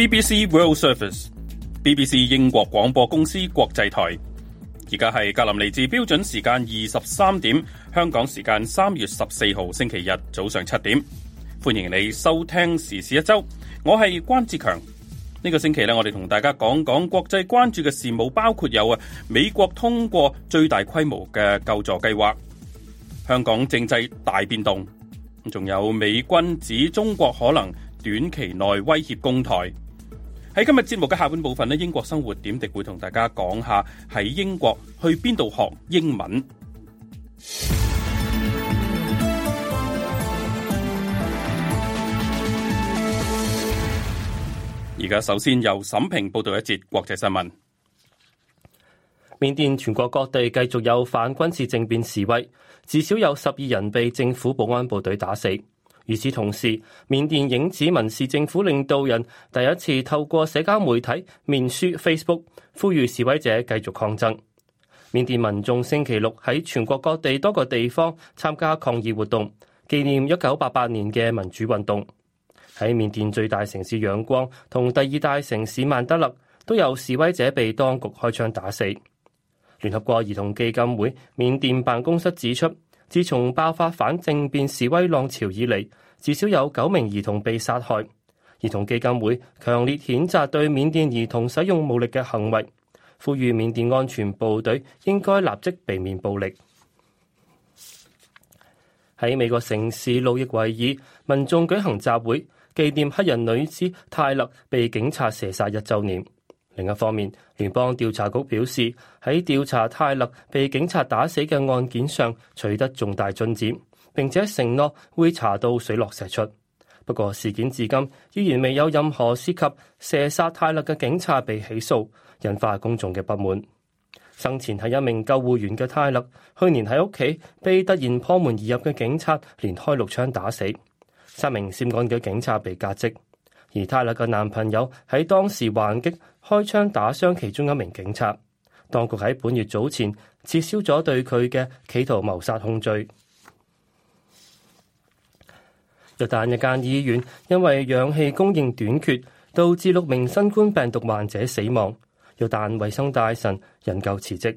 BBC World Service，BBC 英國廣播公司國際台。而家係格林尼治標準時間二十三點，香港時間三月十四號星期日早上七點，歡迎你收聽時事一周。我係關志強。呢個星期咧，我哋同大家講講國際關注嘅事務，包括有啊，美國通過最大規模嘅救助計劃，香港政制大變動，仲有美軍指中國可能短期內威脅攻台。喺今日節目嘅下半部分咧，英國生活點滴會同大家講下喺英國去邊度學英文。而家首先由沈平報道一節國際新聞。緬甸全國各地繼續有反軍事政變示威，至少有十二人被政府保安部隊打死。與此同時，緬甸影子民事政府領導人第一次透過社交媒體面書 Facebook 呼籲示威者繼續抗爭。緬甸民眾星期六喺全國各地多個地方參加抗議活動，紀念一九八八年嘅民主運動。喺緬甸最大城市仰光同第二大城市曼德勒，都有示威者被當局開槍打死。聯合國兒童基金會緬甸辦公室指出。自從爆發反政變示威浪潮以嚟，至少有九名兒童被殺害。兒童基金會強烈譴責對緬甸兒童使用武力嘅行為，呼籲緬甸安全部隊應該立即避免暴力。喺美國城市路易維爾，民眾舉行集會，紀念黑人女子泰勒被警察射殺一週年。另一方面，聯邦調查局表示喺調查泰勒被警察打死嘅案件上取得重大進展，並且承諾會查到水落石出。不過事件至今依然未有任何涉及射殺泰勒嘅警察被起訴，引發公眾嘅不滿。生前係一名救護員嘅泰勒，去年喺屋企被突然破門而入嘅警察連開六槍打死，三名涉案嘅警察被革職，而泰勒嘅男朋友喺當時還擊。開槍打傷其中一名警察，當局喺本月早前撤銷咗對佢嘅企圖謀殺控罪。約旦 一間醫院因為氧氣供應短缺，導致六名新冠病毒患者死亡。約旦衛生大臣人就辭職。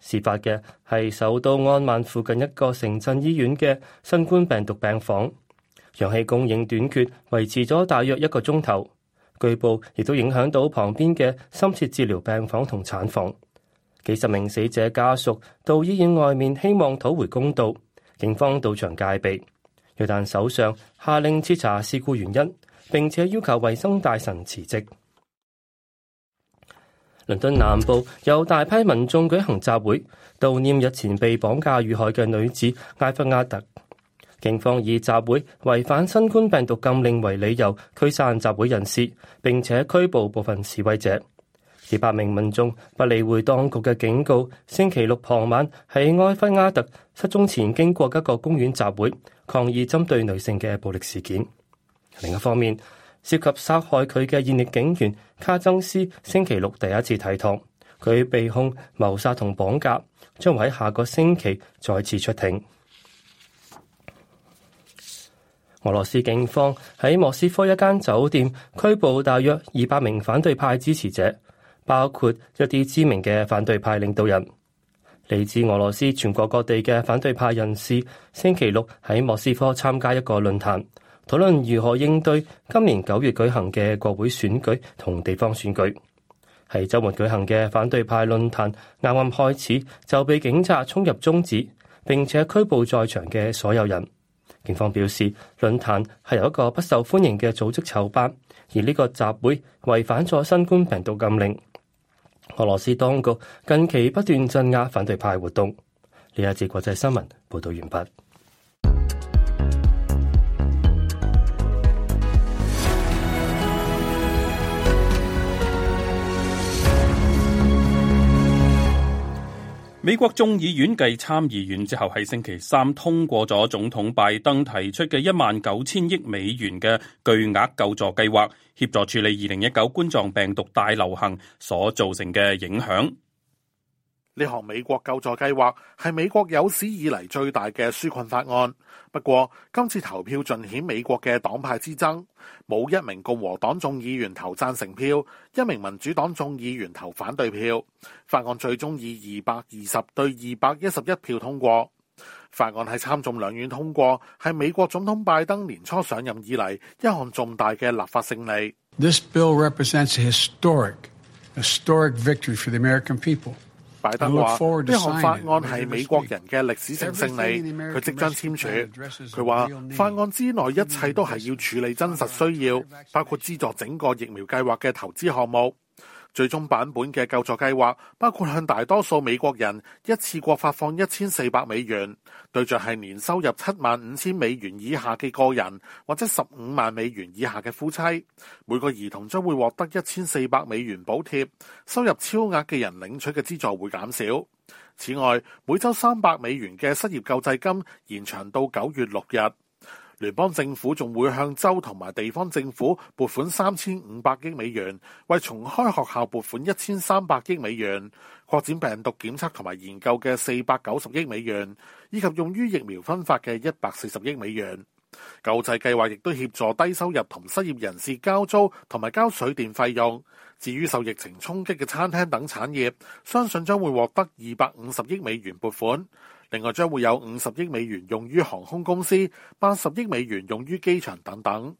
事發嘅係首都安曼附近一個城鎮醫院嘅新冠病毒病房，氧氣供應短缺維持咗大約一個鐘頭。據報，亦都影響到旁邊嘅深切治療病房同產房。幾十名死者家屬到醫院外面，希望討回公道。警方到場戒備。約旦首相下令徹查事故原因，並且要求衞生大臣辭職。倫 敦南部有大批民眾舉行集會，悼念日前被綁架遇害嘅女子埃弗亞特。警方以集會違反新冠病毒禁令為理由驅散集會人士，並且拘捕部分示威者。二百名民眾不理會當局嘅警告，星期六傍晚喺埃弗阿特失蹤前經過一個公園集會，抗議針對女性嘅暴力事件。另一方面，涉及殺害佢嘅現役警員卡曾斯星期六第一次提堂，佢被控謀殺同綁架，將會喺下個星期再次出庭。俄羅斯警方喺莫斯科一間酒店拘捕大約二百名反對派支持者，包括一啲知名嘅反對派領導人。嚟自俄羅斯全國各地嘅反對派人士，星期六喺莫斯科參加一個論壇，討論如何應對今年九月舉行嘅國會選舉同地方選舉。喺週末舉行嘅反對派論壇，啱啱開始就被警察衝入中止，並且拘捕在場嘅所有人。警方表示，論壇係由一個不受歡迎嘅組織籌辦，而呢個集會違反咗新冠病毒禁令。俄羅斯當局近期不斷鎮壓反對派活動。呢一節國際新聞報道完畢。美國眾議院繼參議院之後，喺星期三通過咗總統拜登提出嘅一萬九千億美元嘅巨額救助計劃，協助處理二零一九冠狀病毒大流行所造成嘅影響。呢項美國救助計劃係美國有史以嚟最大嘅紓困法案。不過今次投票盡顯美國嘅黨派之爭，冇一名共和黨眾議員投贊成票，一名民主黨眾議員投反對票。法案最終以二百二十對二百一十一票通過。法案係參眾兩院通過，係美國總統拜登年初上任以嚟一項重大嘅立法勝利。This bill represents historic, historic victory for the American people. 拜登話：呢項法案係美國人嘅歷史性勝利，佢即將簽署。佢話，法案之內一切都係要處理真實需要，包括資助整個疫苗計劃嘅投資項目。最終版本嘅救助計劃包括向大多數美國人一次過發放一千四百美元，對象係年收入七萬五千美元以下嘅個人，或者十五萬美元以下嘅夫妻。每個兒童將會獲得一千四百美元補貼。收入超額嘅人領取嘅資助會減少。此外，每週三百美元嘅失業救濟金延長到九月六日。聯邦政府仲會向州同埋地方政府撥款三千五百億美元，為重開學校撥款一千三百億美元，擴展病毒檢測同埋研究嘅四百九十億美元，以及用於疫苗分發嘅一百四十億美元。救濟計劃亦都協助低收入同失業人士交租同埋交水電費用。至於受疫情衝擊嘅餐廳等產業，相信將會獲得二百五十億美元撥款。另外將會有五十億美元用於航空公司，八十億美元用於機場等等。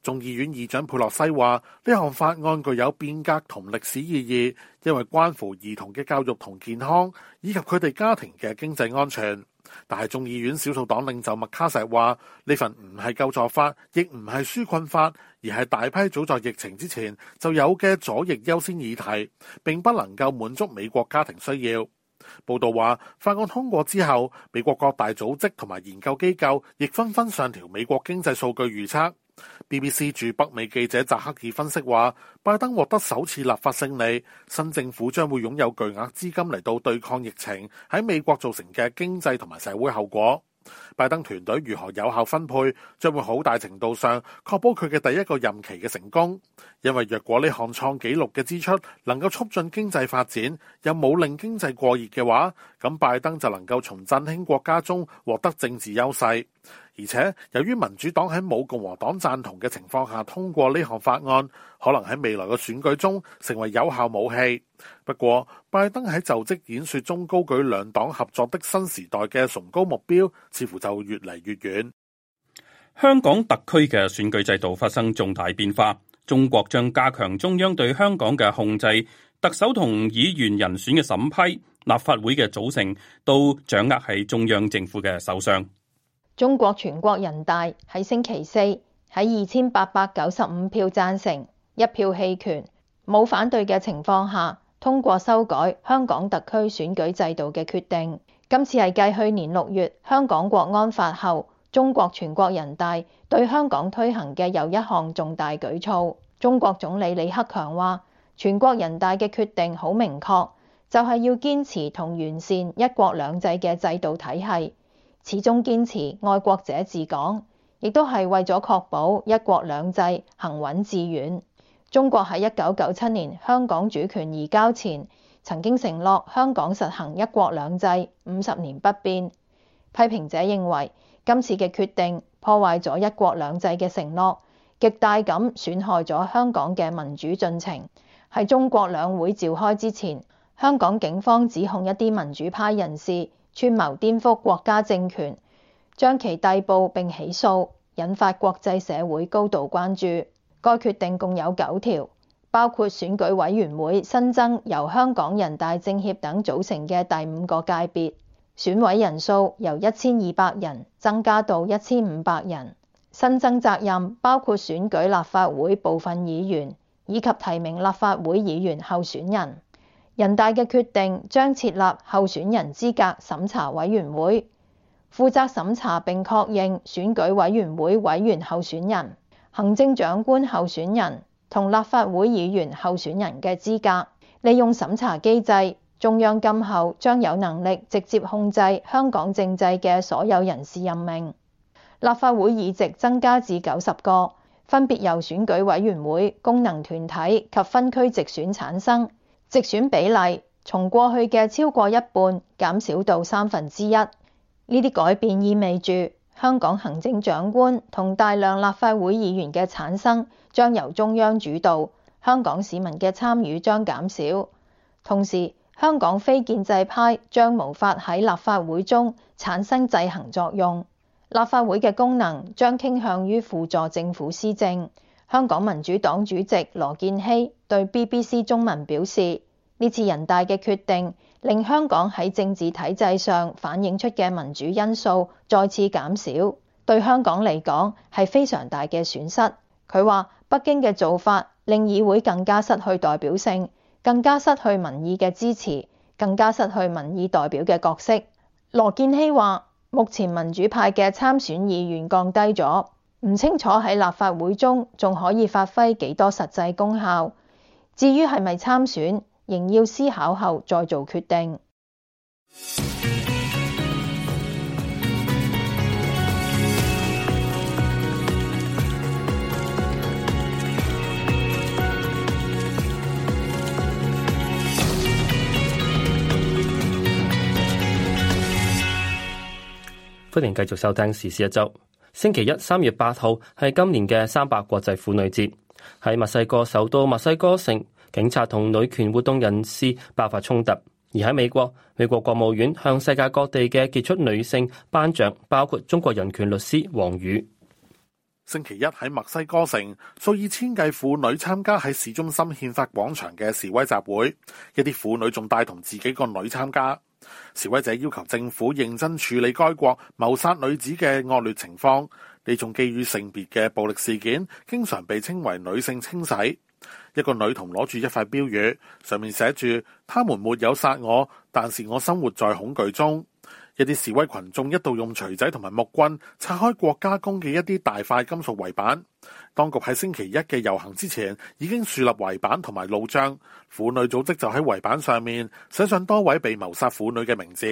眾議院議長佩洛西話：呢項法案具有變革同歷史意義，因為關乎兒童嘅教育同健康，以及佢哋家庭嘅經濟安全。但係眾議院少數黨領袖麥卡錫話：呢份唔係救助法，亦唔係紓困法，而係大批早在疫情之前就有嘅左翼優先議題，並不能夠滿足美國家庭需要。報道話，法案通過之後，美國各大組織同埋研究機構亦紛紛上調美國經濟數據預測。BBC 駐北美記者扎克爾分析話，拜登獲得首次立法勝利，新政府將會擁有巨額資金嚟到對抗疫情，喺美國造成嘅經濟同埋社會後果。拜登團隊如何有效分配，將會好大程度上確保佢嘅第一個任期嘅成功。因為若果呢項創紀錄嘅支出能夠促進經濟發展，又冇令經濟過熱嘅話，咁拜登就能夠從振興國家中獲得政治優勢。而且，由於民主黨喺冇共和黨贊同嘅情況下通過呢項法案，可能喺未來嘅選舉中成為有效武器。不過，拜登喺就職演說中高舉兩黨合作的新時代嘅崇高目標，似乎就越嚟越遠。香港特區嘅選舉制度發生重大變化，中國將加強中央對香港嘅控制，特首同議員人選嘅審批、立法會嘅組成都掌握喺中央政府嘅手上。中國全國人大喺星期四喺二千八百九十五票贊成，一票棄權，冇反對嘅情況下通過修改香港特區選舉制度嘅決定。今次係繼去年六月香港國安法後，中國全國人大對香港推行嘅又一項重大舉措。中國總理李克強話，全國人大嘅決定好明確，就係要堅持同完善一國兩制嘅制度體系。始終堅持愛國者治港，亦都係為咗確保一國兩制行穩致遠。中國喺一九九七年香港主權移交前，曾經承諾香港實行一國兩制五十年不變。批評者認為，今次嘅決定破壞咗一國兩制嘅承諾，極大咁損害咗香港嘅民主進程。喺中國兩會召開之前，香港警方指控一啲民主派人士，串謀顛覆國家政權，將其逮捕並起訴，引發國際社會高度關注。該決定共有九條，包括選舉委員會新增由香港人大政協等組成嘅第五個界別，選委人數由一千二百人增加到一千五百人，新增責任包括選舉立法會部分議員以及提名立法會議員候選人。人大嘅決定將設立候選人資格審查委員會，負責審查並確認選舉委員會委員候選人、行政長官候選人同立法會議員候選人嘅資格。利用審查機制，中央今後將有能力直接控制香港政制嘅所有人事任命。立法會議席增加至九十個，分別由選舉委員會、功能團體及分區直選產生。直選比例從過去嘅超過一半減少到三分之一，呢啲改變意味住香港行政長官同大量立法會議員嘅產生將由中央主導，香港市民嘅參與將減少。同時，香港非建制派將無法喺立法會中產生制衡作用，立法會嘅功能將傾向於輔助政府施政。香港民主黨主席羅健熙對 BBC 中文表示：呢次人大嘅決定令香港喺政治體制上反映出嘅民主因素再次減少，對香港嚟講係非常大嘅損失。佢話北京嘅做法令議會更加失去代表性，更加失去民意嘅支持，更加失去民意代表嘅角色。羅健熙話：目前民主派嘅參選意願降低咗。唔清楚喺立法會中仲可以發揮幾多實際功效，至於係咪參選，仍要思考後再做決定。歡迎繼續收聽時事一周。星期一三月八號係今年嘅三八國際婦女節，喺墨西哥首都墨西哥城，警察同女權活動人士爆發衝突。而喺美國，美國國務院向世界各地嘅傑出女性頒獎，包括中國人權律師王宇。星期一喺墨西哥城，數以千計婦女參加喺市中心憲法廣場嘅示威集會，一啲婦女仲帶同自己個女參加。示威者要求政府認真處理該國謀殺女子嘅惡劣情況，呢種基於性別嘅暴力事件，經常被稱為女性清洗。一個女童攞住一塊標語，上面寫住：他們沒有殺我，但是我生活在恐懼中。一啲示威群眾一度用錘仔同埋木棍拆開國家宮嘅一啲大塊金屬圍板。當局喺星期一嘅遊行之前已經樹立圍板同埋路障。婦女組織就喺圍板上面寫上多位被謀殺婦女嘅名字。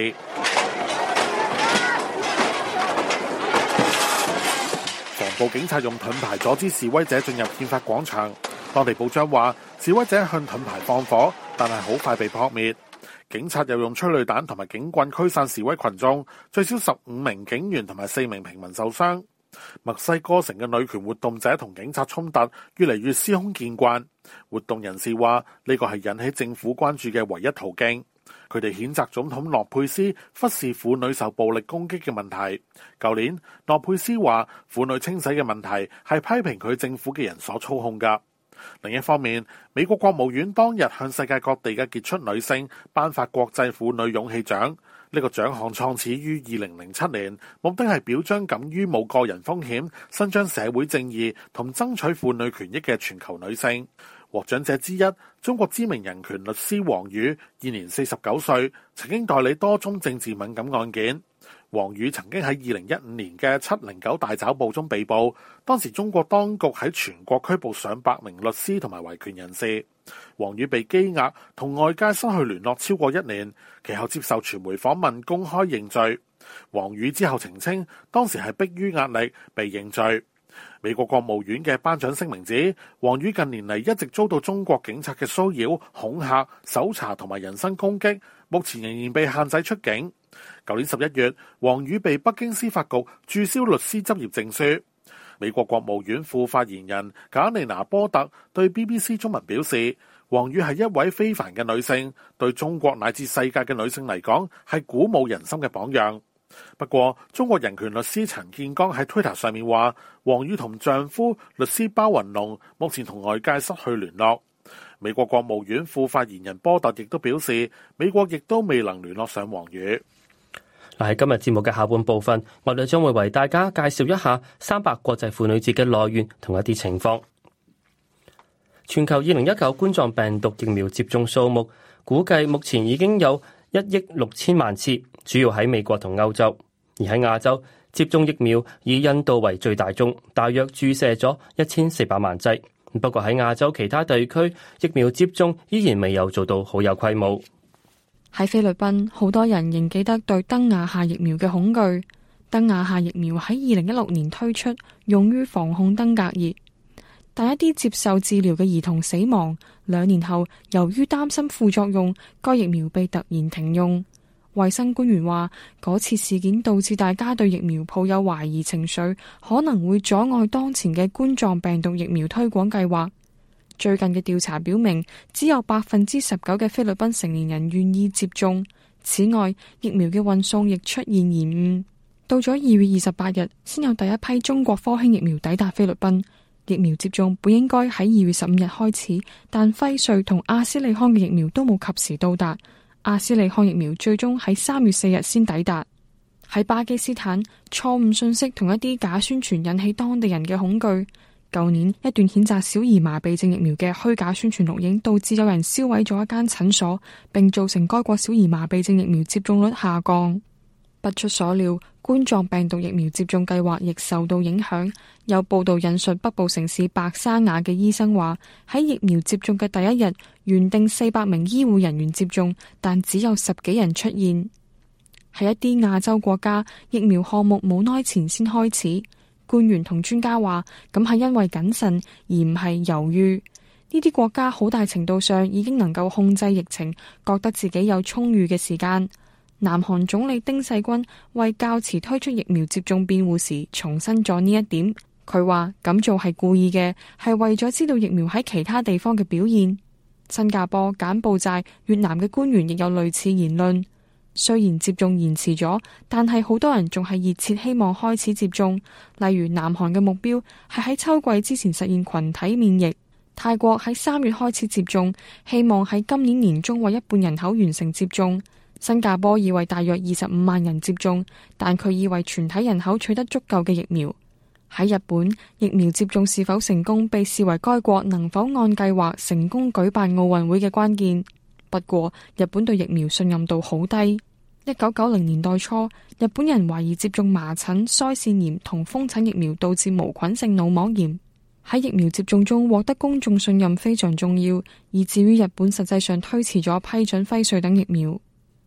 防暴警察用盾牌阻止示威者進入憲法廣場。當地報章話，示威者向盾牌放火，但係好快被撲滅。警察又用催淚彈同埋警棍驅散示威群眾，最少十五名警員同埋四名平民受傷。墨西哥城嘅女權活動者同警察衝突越嚟越司空見慣，活動人士話呢個係引起政府關注嘅唯一途徑。佢哋譴責總統洛佩斯忽視婦女受暴力攻擊嘅問題。舊年洛佩斯話婦女清洗嘅問題係批評佢政府嘅人所操控噶。另一方面，美國國務院當日向世界各地嘅傑出女性頒發國際婦女勇氣獎。呢個獎項創始於二零零七年，目的係表彰敢於冒個人風險、伸張社會正義同爭取婦女權益嘅全球女性。獲獎者之一，中國知名人權律師王宇，現年四十九歲，曾經代理多宗政治敏感案件。王宇曾經喺二零一五年嘅七零九大抓捕中被捕，當時中國當局喺全國拘捕上百名律師同埋維權人士。王宇被羈押，同外界失去聯絡超過一年，其後接受傳媒訪問，公開認罪。王宇之後澄清，當時係迫於壓力被認罪。美國國務院嘅頒獎聲明指，王宇近年嚟，一直遭到中國警察嘅騷擾、恐嚇、搜查同埋人身攻擊，目前仍然被限制出境。舊年十一月，王宇被北京司法局註銷律師執業證書。美國國務院副發言人賈妮娜波特對 BBC 中文表示，王宇係一位非凡嘅女性，對中國乃至世界嘅女性嚟講係鼓舞人心嘅榜樣。不過，中國人權律師陳建剛喺推特上面話，王宇同丈夫律師包雲龍目前同外界失去聯絡。美國國務院副發言人波特亦都表示，美國亦都未能聯絡上王宇。喺今日節目嘅下半部分，我哋將會為大家介紹一下三八國際婦女節嘅來源同一啲情況。全球二零一九冠狀病毒疫苗接種數目估計目前已經有一億六千萬次，主要喺美國同歐洲，而喺亞洲接種疫苗以印度為最大宗，大約注射咗一千四百萬劑。不過喺亞洲其他地區，疫苗接種依然未有做到好有規模。喺菲律賓，好多人仍記得對登雅夏疫苗嘅恐懼。登雅夏疫苗喺二零一六年推出，用於防控登革熱，但一啲接受治療嘅兒童死亡。兩年後，由於擔心副作用，該疫苗被突然停用。衛生官員話，嗰次事件導致大家對疫苗抱有懷疑情緒，可能會阻礙當前嘅冠狀病毒疫苗推廣計劃。最近嘅調查表明，只有百分之十九嘅菲律賓成年人願意接種。此外，疫苗嘅運送亦出現延誤。到咗二月二十八日，先有第一批中國科興疫苗抵達菲律賓。疫苗接種本應該喺二月十五日開始，但輝瑞同阿斯利康嘅疫苗都冇及時到達。阿斯利康疫苗最終喺三月四日先抵達。喺巴基斯坦，錯誤信息同一啲假宣傳引起當地人嘅恐懼。舊年一段譴責小兒麻痹症疫苗嘅虛假宣傳錄影，導致有人燒毀咗一間診所，並造成該國小兒麻痹症疫苗接種率下降。不出所料，冠狀病毒疫苗接種計劃亦受到影響。有報道引述北部城市白沙瓦嘅醫生話：喺疫苗接種嘅第一日，原定四百名醫護人員接種，但只有十幾人出現。喺一啲亞洲國家，疫苗項目冇耐前先開始。官員同專家話：咁係因為謹慎而唔係猶豫。呢啲國家好大程度上已經能夠控制疫情，覺得自己有充裕嘅時間。南韓總理丁世均為較遲推出疫苗接種辯護時，重申咗呢一點。佢話咁做係故意嘅，係為咗知道疫苗喺其他地方嘅表現。新加坡柬埔寨、越南嘅官員亦有類似言論。雖然接種延遲咗，但係好多人仲係熱切希望開始接種。例如，南韓嘅目標係喺秋季之前實現群體免疫；泰國喺三月開始接種，希望喺今年年中為一半人口完成接種。新加坡已為大約二十五萬人接種，但佢已為全體人口取得足夠嘅疫苗。喺日本，疫苗接種是否成功被視為該國能否按計劃成功舉辦奧運會嘅關鍵。不過，日本對疫苗信任度好低。一九九零年代初，日本人懷疑接種麻疹、腮腺炎同風疹疫苗導致無菌性腦膜炎。喺疫苗接種中獲得公眾信任非常重要，以至於日本實際上推遲咗批准輝瑞等疫苗。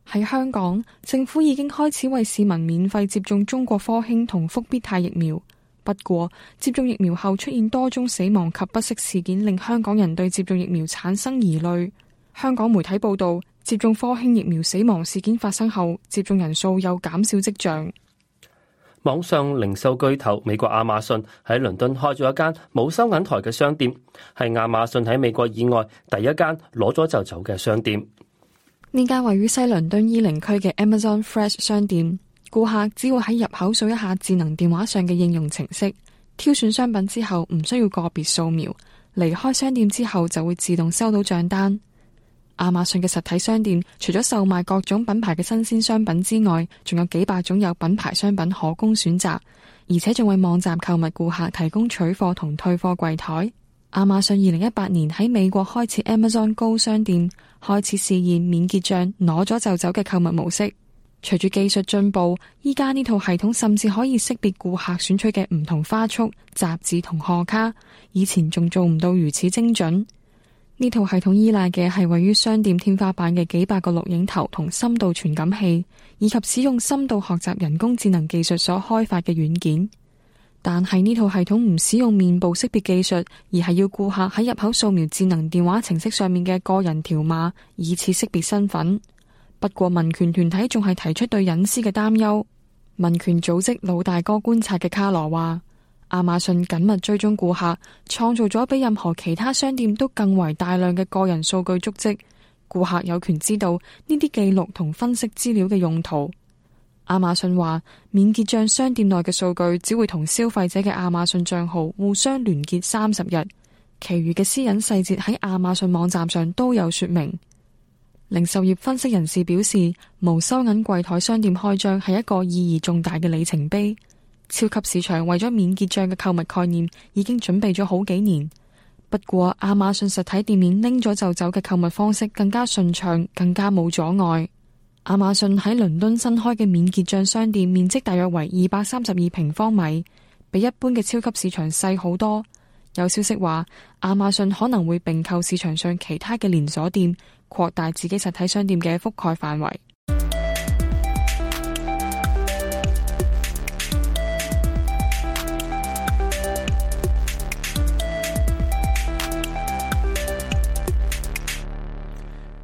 喺香港，政府已經開始為市民免費接種中國科興同復必泰疫苗。不過，接種疫苗後出現多宗死亡及不適事件，令香港人對接種疫苗產生疑慮。香港媒體報道，接種科興疫苗死亡事件發生後，接種人數有減少跡象。網上零售巨頭美國亞馬遜喺倫敦開咗一間冇收銀台嘅商店，係亞馬遜喺美國以外第一間攞咗就走嘅商店。呢間位於西倫敦伊靈區嘅 Amazon Fresh 商店，顧客只會喺入口掃一下智能電話上嘅應用程式，挑選商品之後唔需要個別掃描，離開商店之後就會自動收到賬單。亞馬遜嘅實體商店除咗售賣各種品牌嘅新鮮商品之外，仲有幾百種有品牌商品可供選擇，而且仲為網站購物顧客提供取貨同退貨櫃檯。亞馬遜二零一八年喺美國開設 Amazon Go 商店，開始試驗免結賬攞咗就走嘅購物模式。隨住技術進步，依家呢套系統甚至可以識別顧客選取嘅唔同花束、雜誌同賀卡，以前仲做唔到如此精準。呢套系統依賴嘅係位於商店天花板嘅幾百個錄影頭同深度傳感器，以及使用深度學習人工智能技術所開發嘅軟件。但係呢套系統唔使用面部識別技術，而係要顧客喺入口掃描智能電話程式上面嘅個人條碼，以此識別身份。不過民權團體仲係提出對隱私嘅擔憂。民權組織老大哥觀察嘅卡羅話。亞馬遜緊密追蹤顧客，創造咗比任何其他商店都更為大量嘅個人數據足跡。顧客有權知道呢啲記錄同分析資料嘅用途。亞馬遜話，免結賬商店內嘅數據只會同消費者嘅亞馬遜賬號互相連結三十日，其餘嘅私隱細節喺亞馬遜網站上都有說明。零售業分析人士表示，無收銀櫃台商店開張係一個意義重大嘅里程碑。超級市場為咗免結賬嘅購物概念，已經準備咗好幾年。不過，亞馬遜實體店面拎咗就走嘅購物方式更加順暢，更加冇阻礙。亞馬遜喺倫敦新開嘅免結賬商店面積大約為二百三十二平方米，比一般嘅超級市場細好多。有消息話，亞馬遜可能會併購市場上其他嘅連鎖店，擴大自己實體商店嘅覆蓋範圍。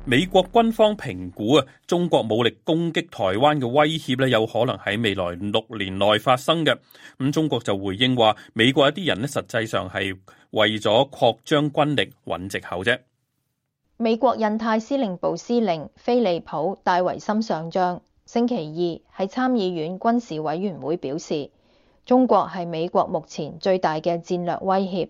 美國軍方評估啊，中國武力攻擊台灣嘅威脅咧，有可能喺未來六年內發生嘅。咁中國就回應話，美國一啲人咧，實際上係為咗擴張軍力揾藉口啫。美國印太司令部司令菲利普戴維森上將星期二喺參議院軍事委員會表示，中國係美國目前最大嘅戰略威脅，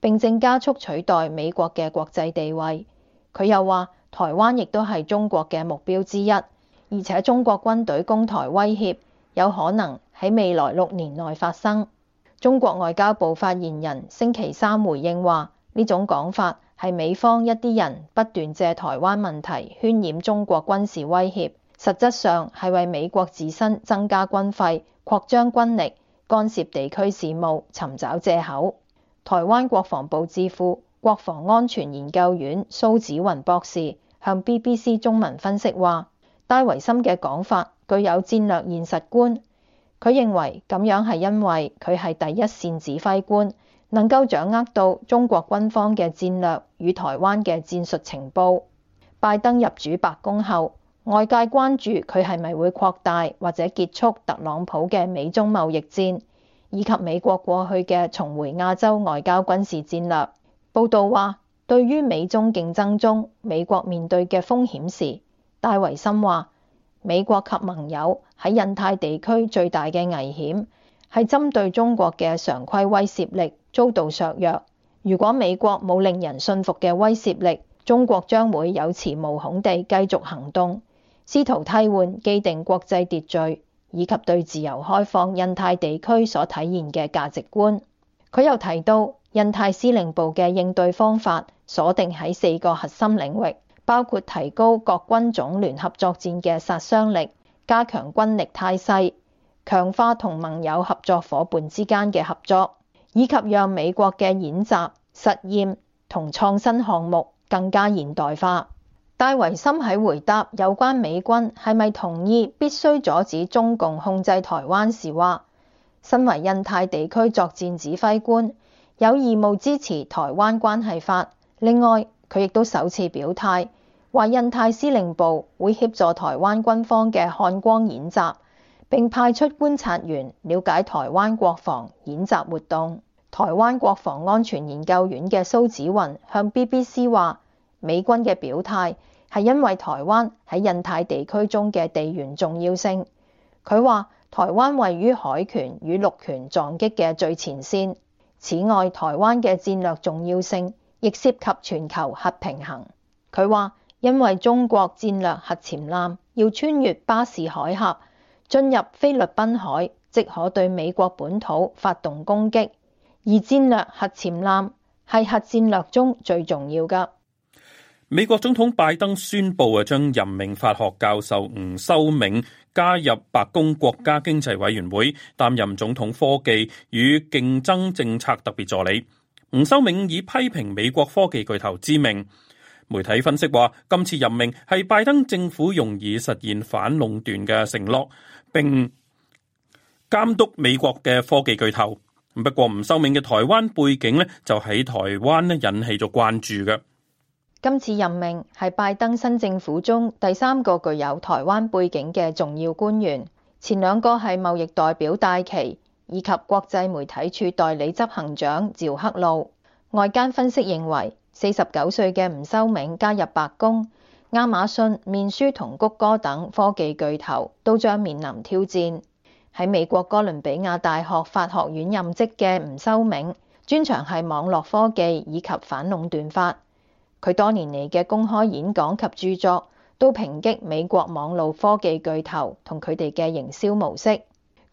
並正加速取代美國嘅國際地位。佢又話：台灣亦都係中國嘅目標之一，而且中國軍隊攻台威脅有可能喺未來六年內發生。中國外交部發言人星期三回應話：呢種講法係美方一啲人不斷借台灣問題渲染中國軍事威脅，實質上係為美國自身增加軍費、擴張軍力、干涉地區事務、尋找藉口。台灣國防部致呼。國防安全研究院蘇紫雲博士向 BBC 中文分析話，戴維森嘅講法具有戰略現實觀。佢認為咁樣係因為佢係第一綫指揮官，能夠掌握到中國軍方嘅戰略與台灣嘅戰術情報。拜登入主白宮後，外界關注佢係咪會擴大或者結束特朗普嘅美中貿易戰，以及美國過去嘅重回亞洲外交軍事戰略。報道話，對於美中競爭中美國面對嘅風險時，戴維森話：美國及盟友喺印太地區最大嘅危險係針對中國嘅常規威懾力遭到削弱。如果美國冇令人信服嘅威懾力，中國將會有恃無恐地繼續行動，試圖替換既定國際秩序以及對自由開放印太地區所體現嘅價值觀。佢又提到。印太司令部嘅應對方法鎖定喺四個核心領域，包括提高各軍種聯合作戰嘅殺傷力，加強軍力態勢，強化同盟友合作伙伴之間嘅合作，以及讓美國嘅演習、實驗同創新項目更加現代化。戴維森喺回答有關美軍係咪同意必須阻止中共控制台灣時話，身為印太地區作戰指揮官，有義務支持台灣關係法。另外，佢亦都首次表態，話印太司令部會協助台灣軍方嘅漢光演習，並派出觀察員了解台灣國防演習活動。台灣國防安全研究院嘅蘇紫雲向 BBC 話，美軍嘅表態係因為台灣喺印太地區中嘅地緣重要性。佢話，台灣位於海權與陸權撞擊嘅最前線。此外，台灣嘅戰略重要性亦涉及全球核平衡。佢話：因為中國戰略核潛艦要穿越巴士海峽進入菲律賓海，即可對美國本土發動攻擊。而戰略核潛艦係核戰略中最重要嘅。美國總統拜登宣布啊，將任命法學教授吳修銘，加入白宮國家經濟委員會，擔任總統科技與競爭政策特別助理。吳修銘以批評美國科技巨頭之名，媒體分析話，今次任命係拜登政府用以實現反壟斷嘅承諾，並監督美國嘅科技巨頭。不過，吳修銘嘅台灣背景咧，就喺台灣咧引起咗關注嘅。今次任命係拜登新政府中第三個具有台灣背景嘅重要官員，前兩個係貿易代表戴奇以及國際媒體處代理執行長趙克露。外間分析認為，四十九歲嘅吳修銘加入白宮、亞馬遜、面書同谷歌等科技巨頭都將面臨挑戰。喺美國哥倫比亞大學法學院任職嘅吳修銘，專長係網絡科技以及反壟斷法。佢多年嚟嘅公開演講及著作都抨擊美國網路科技巨頭同佢哋嘅營銷模式。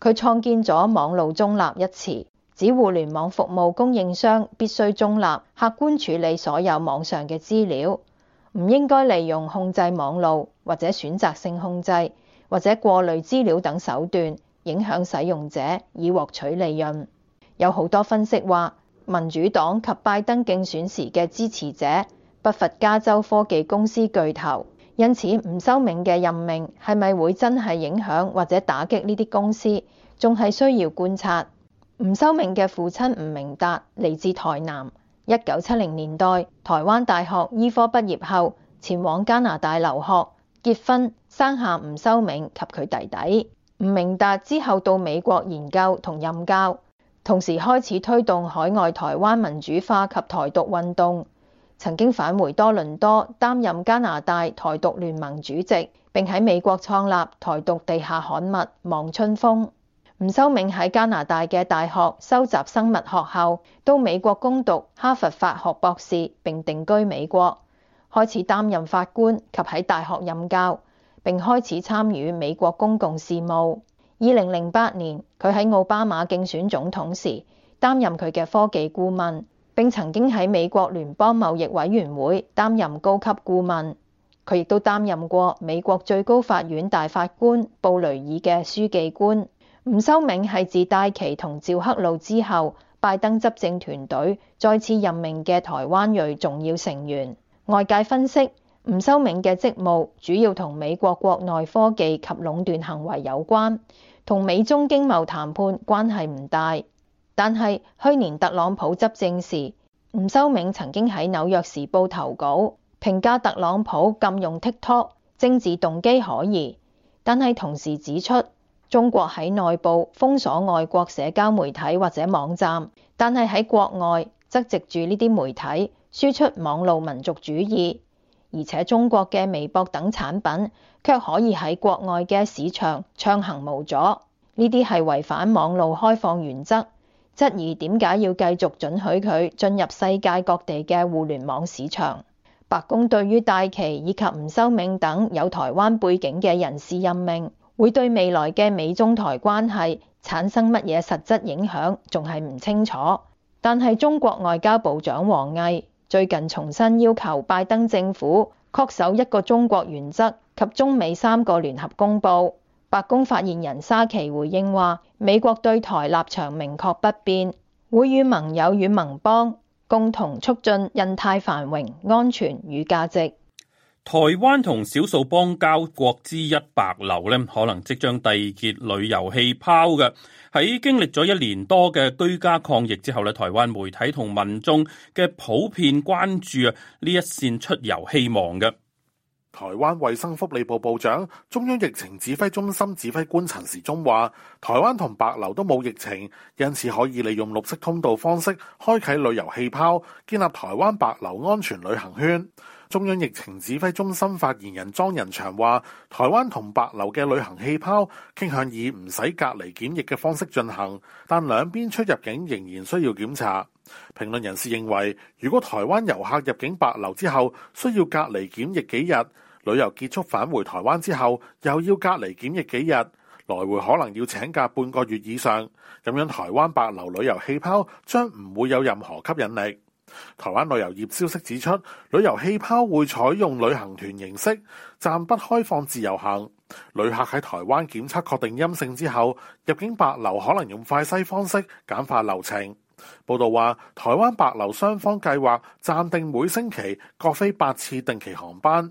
佢創建咗網路中立一詞，指互聯網服務供應商必須中立、客觀處理所有網上嘅資料，唔應該利用控制網路或者選擇性控制或者過濾資料等手段影響使用者以獲取利潤。有好多分析話，民主黨及拜登競選時嘅支持者，不乏加州科技公司巨頭，因此吳修銘嘅任命係咪會真係影響或者打擊呢啲公司，仲係需要觀察。吳修銘嘅父親吳明達嚟自台南，一九七零年代台灣大學醫科畢業後前往加拿大留學，結婚生下吳修銘及佢弟弟。吳明達之後到美國研究同任教，同時開始推動海外台灣民主化及台獨運動。曾經返回多倫多擔任加拿大台獨聯盟主席，並喺美國創立台獨地下刊物《望春風》。吳修銘喺加拿大嘅大學修習生物學後，到美國攻讀哈佛法學博士，並定居美國，開始擔任法官及喺大學任教，並開始參與美國公共事務。二零零八年，佢喺奧巴馬競選總統時擔任佢嘅科技顧問。並曾經喺美國聯邦貿易委員會擔任高級顧問，佢亦都擔任過美國最高法院大法官布雷爾嘅書記官。吳修銘係自戴琪同趙克路之後，拜登執政團隊再次任命嘅台灣裔重要成員。外界分析，吳修銘嘅職務主要同美國國內科技及壟斷行為有關，同美中經貿談判關係唔大。但係去年特朗普執政時，吳修銘曾經喺《紐約時報》投稿，評價特朗普禁用 TikTok 政治動機可疑，但係同時指出，中國喺內部封鎖外國社交媒體或者網站，但係喺國外則藉住呢啲媒體輸出網絡民族主義，而且中國嘅微博等產品卻可以喺國外嘅市場暢行無阻，呢啲係違反網絡開放原則。質疑點解要繼續準許佢進入世界各地嘅互聯網市場？白宮對於戴琦以及吳修銘等有台灣背景嘅人士任命，會對未來嘅美中台關係產生乜嘢實質影響，仲係唔清楚。但係中國外交部長王毅最近重新要求拜登政府恪守一個中國原則及中美三個聯合公報。白宮發言人沙奇回應話，美國對台立場明確不變，會與盟友與盟邦共同促進印太繁榮、安全與價值。台灣同少數邦交國之一，帛琉咧，可能即將締結旅遊氣泡嘅。喺經歷咗一年多嘅居家抗疫之後咧，台灣媒體同民眾嘅普遍關注啊，呢一線出遊希望嘅。台灣衛生福利部部長、中央疫情指揮中心指揮官陳時中話：台灣同帛琉都冇疫情，因此可以利用綠色通道方式開啟旅遊氣泡，建立台灣帛琉安全旅行圈。中央疫情指揮中心發言人莊人祥話：台灣同帛琉嘅旅行氣泡傾向以唔使隔離檢疫嘅方式進行，但兩邊出入境仍然需要檢查。評論人士認為，如果台灣遊客入境帛琉之後需要隔離檢疫幾日，旅遊結束返回台灣之後又要隔離檢疫幾日，來回可能要請假半個月以上，咁樣台灣帛琉旅遊氣泡將唔會有任何吸引力。台灣旅遊業消息指出，旅遊氣泡會採用旅行團形式，暫不開放自由行。旅客喺台灣檢測確定陰性之後，入境帛琉可能用快篩方式簡化流程。報道話，台灣帛琉雙方計劃暫定每星期各飛八次定期航班，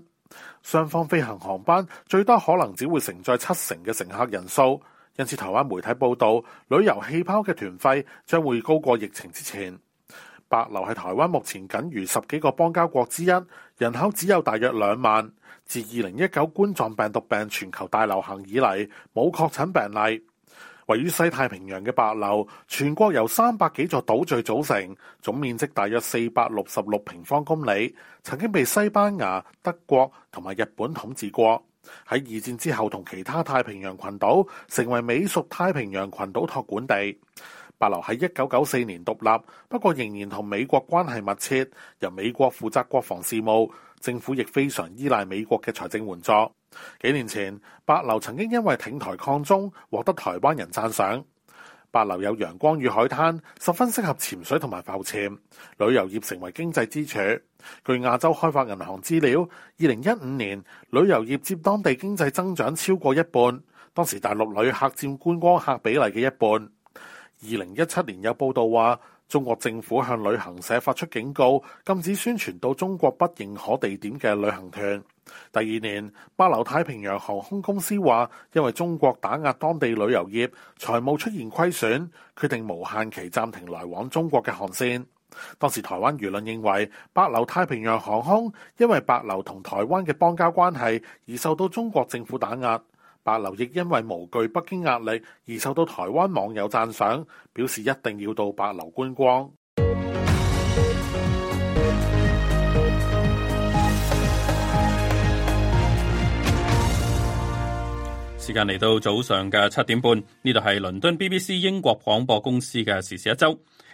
雙方飛行航班最多可能只會承載七成嘅乘客人數。因此，台灣媒體報道，旅遊氣泡嘅團費將會高過疫情之前。帛琉係台灣目前僅餘十幾個邦交國之一，人口只有大約兩萬。自二零一九冠狀病毒病全球大流行以嚟，冇確診病例。位於西太平洋嘅帕勞，全國由三百幾座島嶼組成，總面積大約四百六十六平方公里。曾經被西班牙、德國同埋日本統治過。喺二戰之後，同其他太平洋群島成為美屬太平洋群島託管地。帕勞喺一九九四年獨立，不過仍然同美國關係密切，由美國負責國防事務，政府亦非常依賴美國嘅財政援助。幾年前，帛琉曾經因為挺台抗中獲得台灣人讚賞。帛琉有陽光與海灘，十分適合潛水同埋浮潛，旅遊業成為經濟支柱。據亞洲開發銀行資料，二零一五年旅遊業佔當地經濟增長超過一半，當時大陸旅客佔觀光客比例嘅一半。二零一七年有報道話，中國政府向旅行社發出警告，禁止宣傳到中國不認可地點嘅旅行團。第二年，帛琉太平洋航空公司話，因為中國打壓當地旅遊業，財務出現虧損，決定無限期暫停來往中國嘅航線。當時台灣輿論認為，帛琉太平洋航空因為帛琉同台灣嘅邦交關係而受到中國政府打壓。白琉亦因為無懼北京壓力而受到台灣網友讚賞，表示一定要到帛琉觀光。時間嚟到早上嘅七點半，呢度係倫敦 BBC 英國廣播公司嘅時事一周。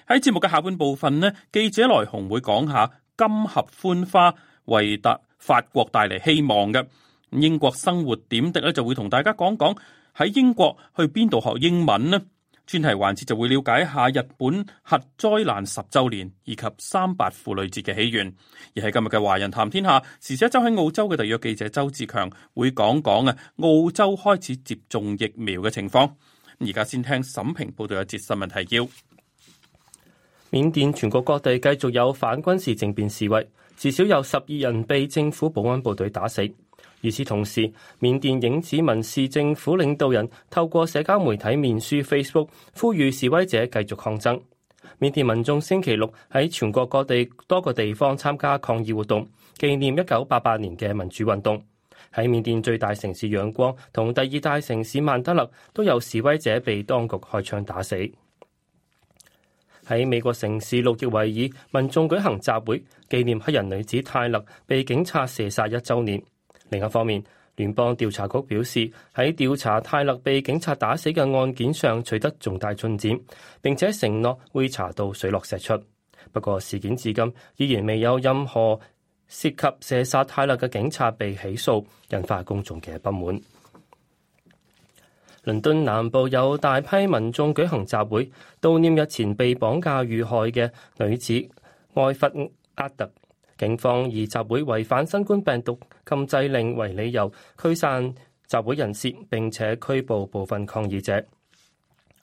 喺節目嘅下半部分呢，記者來鴻會講下金合歡花為達法國帶嚟希望嘅。英國生活點滴咧，就會同大家講講喺英國去邊度學英文呢？專題環節就會了解一下日本核災難十周年，以及三八婦女節嘅起源。而係今日嘅華人談天下，時事一周喺澳洲嘅特約記者周志強會講講啊，澳洲開始接種疫苗嘅情況。而家先聽沈平報道一節新聞提要：緬甸全國各地繼續有反軍事政變示威，至少有十二人被政府保安部隊打死。與此同時，緬甸影子文市政府領導人透過社交媒體面書 Facebook 呼籲示威者繼續抗爭。緬甸民眾星期六喺全國各地多個地方參加抗議活動，紀念一九八八年嘅民主運動。喺緬甸最大城市仰光同第二大城市曼德勒，都有示威者被當局開槍打死。喺美國城市路易維爾，民眾舉行集會紀念黑人女子泰勒被警察射殺一周年。另一方面，聯邦調查局表示喺調查泰勒被警察打死嘅案件上取得重大進展，並且承諾會查到水落石出。不過，事件至今依然未有任何涉及射殺泰勒嘅警察被起訴，引發公眾嘅不滿。倫敦南部有大批民眾舉行集會悼念日前被綁架遇害嘅女子艾弗阿特。警方以集會違反新冠病毒。禁制令為理由驅散集會人士，並且拘捕部分抗議者。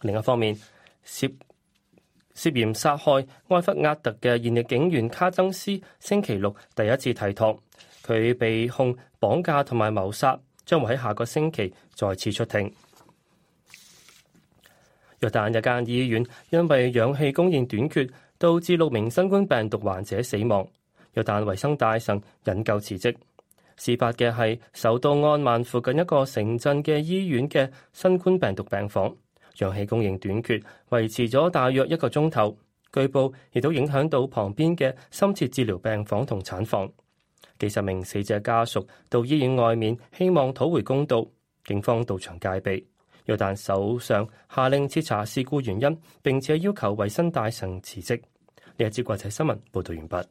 另一方面，涉涉嫌殺害埃弗厄特嘅現役警員卡曾斯，星期六第一次提堂，佢被控綁架同埋謀殺，將會喺下個星期再次出庭。約旦一間醫院因為氧氣供應短缺，導致六名新冠病毒患者死亡。約旦衞生大臣引咎辭,辭職。事發嘅係首都安曼附近一個城鎮嘅醫院嘅新冠病毒病房，氧氣供應短缺維持咗大約一個鐘頭，據報亦都影響到旁邊嘅深切治療病房同產房。幾十名死者家屬到醫院外面希望討回公道，警方到場戒備。約旦首相下令徹查事故原因，並且要求衛生大臣辭職。呢一節國際新聞報道完畢。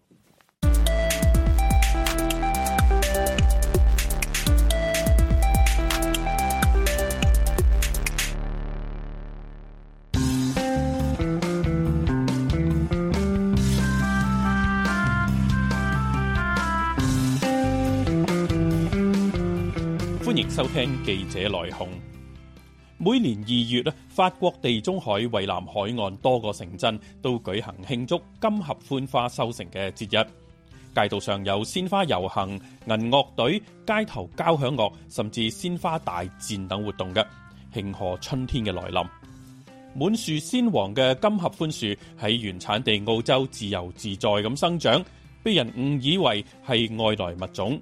收聽記者來鴻。每年二月咧，法國地中海蔚南海岸多個城鎮都舉行慶祝金合歡花收成嘅節日。街道上有鮮花遊行、銀樂隊、街頭交響樂，甚至鮮花大戰等活動嘅，慶賀春天嘅來臨。滿樹鮮黃嘅金合歡樹喺原產地澳洲自由自在咁生長，被人誤以為係外來物種。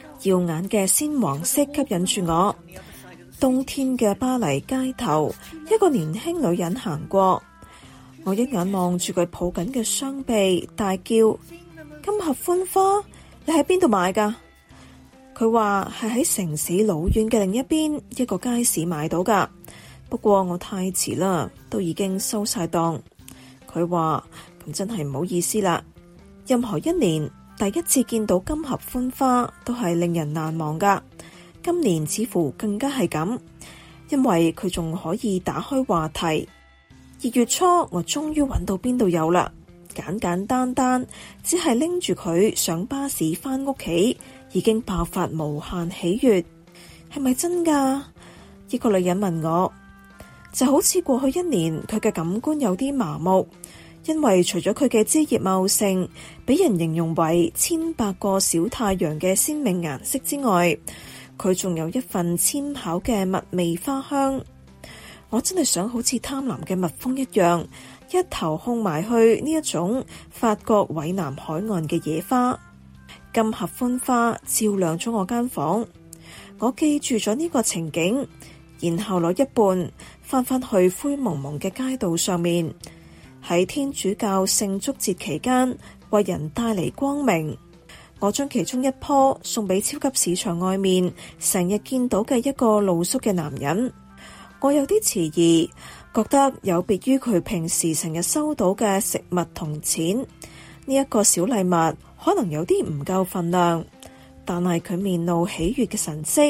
耀眼嘅鮮黃色吸引住我，冬天嘅巴黎街頭，一個年輕女人行過，我一眼望住佢抱緊嘅雙臂，大叫：金合歡花，你喺邊度買噶？佢話係喺城市老遠嘅另一邊一個街市買到噶，不過我太遲啦，都已經收晒檔。佢話咁真係唔好意思啦。任何一年。第一次見到金合歡花都係令人難忘噶，今年似乎更加係咁，因為佢仲可以打開話題。二月初我終於揾到邊度有啦，簡簡單單，單只係拎住佢上巴士返屋企，已經爆發無限喜悅。係咪真噶？一個女人問我，就好似過去一年佢嘅感官有啲麻木。因為除咗佢嘅枝葉茂盛，俾人形容為千百個小太陽嘅鮮明顏色之外，佢仲有一份纖巧嘅蜜味花香。我真係想好似貪婪嘅蜜蜂一樣，一頭控埋去呢一種法國蔚藍海岸嘅野花。金合歡花照亮咗我間房間，我記住咗呢個情景，然後攞一半翻返去灰蒙蒙嘅街道上面。喺天主教聖燭節期間，為人帶嚟光明。我將其中一棵送俾超級市場外面成日見到嘅一個露宿嘅男人。我有啲遲疑，覺得有別於佢平時成日收到嘅食物同錢，呢一個小禮物可能有啲唔夠份量。但係佢面露喜悅嘅神色，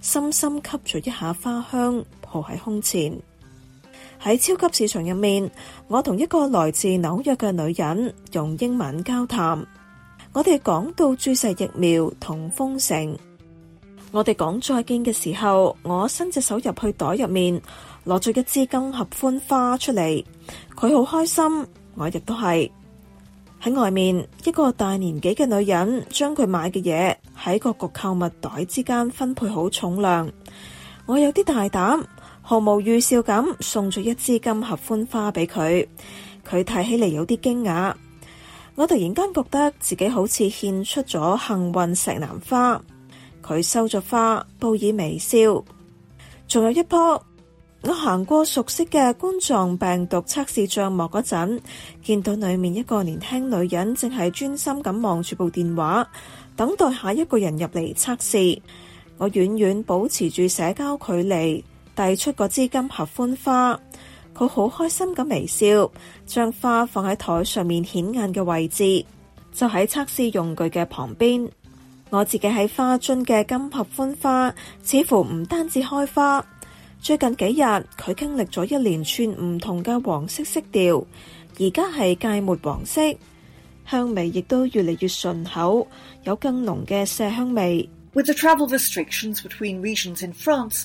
深深吸咗一下花香，抱喺胸前。喺超級市場入面，我同一個來自紐約嘅女人用英文交談。我哋講到注射疫苗同封城。我哋講再見嘅時候，我伸隻手入去袋入面，攞咗一支金合歡花出嚟。佢好開心，我亦都係。喺外面，一個大年紀嘅女人將佢買嘅嘢喺各個購物袋之間分配好重量。我有啲大膽。毫無預兆咁送咗一支金合歡花俾佢，佢睇起嚟有啲驚訝。我突然間覺得自己好似獻出咗幸運石南花。佢收咗花，報以微笑。仲有一波，我行過熟悉嘅冠狀病毒測試帳幕嗰陣，見到裏面一個年輕女人正係專心咁望住部電話，等待下一個人入嚟測試。我遠遠保持住社交距離。遞出嗰支金合歡花，佢好開心咁微笑，將花放喺台上面顯眼嘅位置，就喺測試用具嘅旁邊。我自己喺花樽嘅金合歡花，似乎唔單止開花，最近幾日佢經歷咗一連串唔同嘅黃色色調，而家係芥末黃色，香味亦都越嚟越順口，有更濃嘅麝香味。With the travel restrictions between regions in France.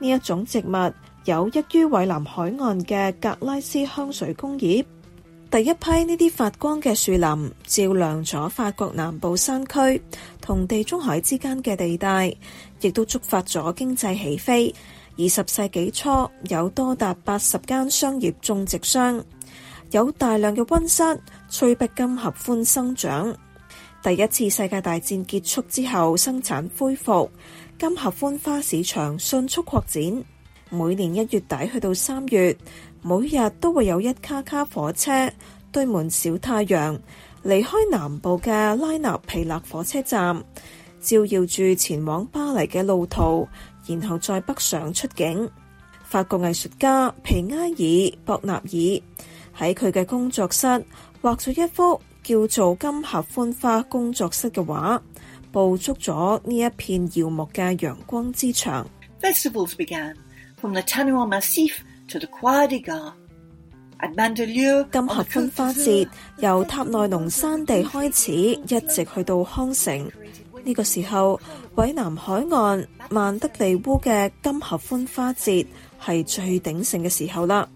呢一種植物有益於蔚藍海岸嘅格拉斯香水工業。第一批呢啲發光嘅樹林照亮咗法國南部山區同地中海之間嘅地帶，亦都觸發咗經濟起飛。二十世紀初有多達八十間商業種植商，有大量嘅溫室翠碧金合歡生長。第一次世界大戰結束之後，生產恢復。金合歡花市場迅速擴展，每年一月底去到三月，每日都會有一卡卡火車堆滿小太陽，離開南部嘅拉納皮勒火車站，照耀住前往巴黎嘅路途，然後再北上出境。法國藝術家皮埃爾博納爾喺佢嘅工作室畫咗一幅叫做《金合歡花工作室》嘅畫。捕捉咗呢一片耀目嘅陽光之場。金合歡花節由塔內隆山地開始，一直去到康城。呢、這個時候，委南海岸曼德利烏嘅金合歡花節係最鼎盛嘅時候啦！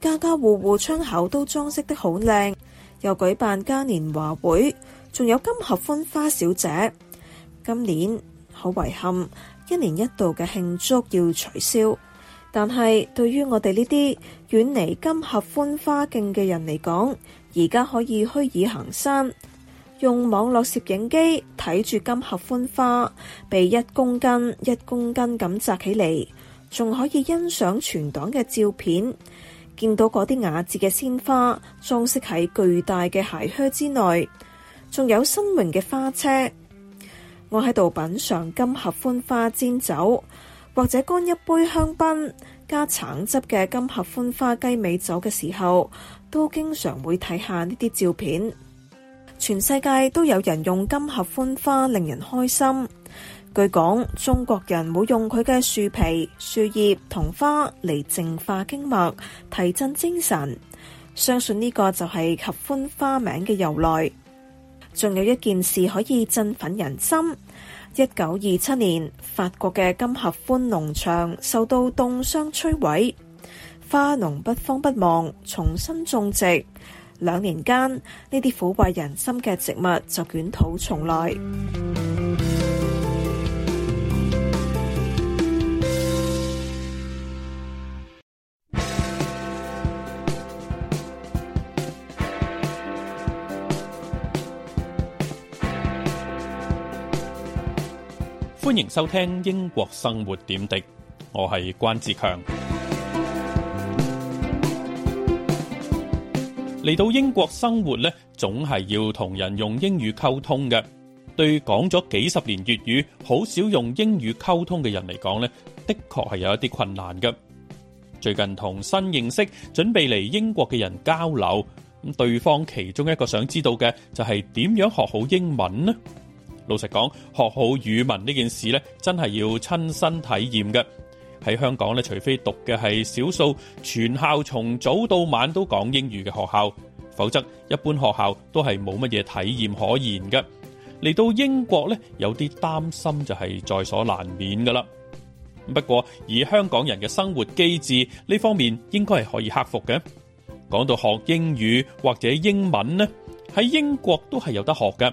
家家戶戶窗口都裝飾得好靚，又舉辦嘉年華會，仲有金合歡花小姐。今年好遺憾，一年一度嘅慶祝要取消。但係對於我哋呢啲遠離金合歡花徑嘅人嚟講，而家可以虛擬行山，用網絡攝影機睇住金合歡花，被一公斤一公斤咁摘起嚟，仲可以欣賞全黨嘅照片，見到嗰啲雅致嘅鮮花裝飾喺巨大嘅鞋靴之內，仲有新穎嘅花車。我喺度品嘗金合歡花煎酒，或者乾一杯香檳加橙汁嘅金合歡花雞尾酒嘅時候，都經常會睇下呢啲照片。全世界都有人用金合歡花令人開心。據講，中國人會用佢嘅樹皮、樹葉同花嚟淨化經脈、提振精神。相信呢個就係合歡花名嘅由來。仲有一件事可以振奮人心。一九二七年，法國嘅金合歡農場受到凍傷摧毀，花農不慌不忙，重新種植。兩年間，呢啲撫慰人心嘅植物就捲土重來。歡迎收聽英國生活點滴，我係關志強。嚟到英國生活咧，總係要同人用英語溝通嘅。對講咗幾十年粵語，好少用英語溝通嘅人嚟講呢，的確係有一啲困難嘅。最近同新認識、準備嚟英國嘅人交流，咁對方其中一個想知道嘅就係點樣學好英文呢？老實講，學好語文呢件事咧，真係要親身體驗嘅。喺香港咧，除非讀嘅係少數全校從早到晚都講英語嘅學校，否則一般學校都係冇乜嘢體驗可言嘅。嚟到英國咧，有啲擔心就係在所難免噶啦。不過以香港人嘅生活機智呢方面，應該係可以克服嘅。講到學英語或者英文咧，喺英國都係有得學嘅。